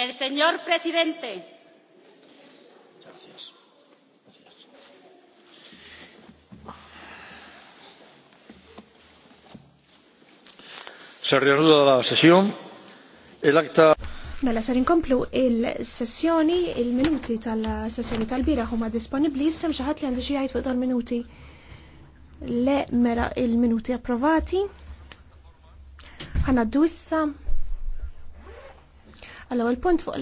El señor presidente. Gracias. Gracias. Se reanuda la sesión. El acta. Mela ser inkomplu il-sessjoni, il-minuti tal-sessjoni tal-bira huma disponibli, issem xaħat li għandi xieħajt fuq dal minuti Le mera il-minuti approvati. Għanna d-dussa. Allora, il-punt fuq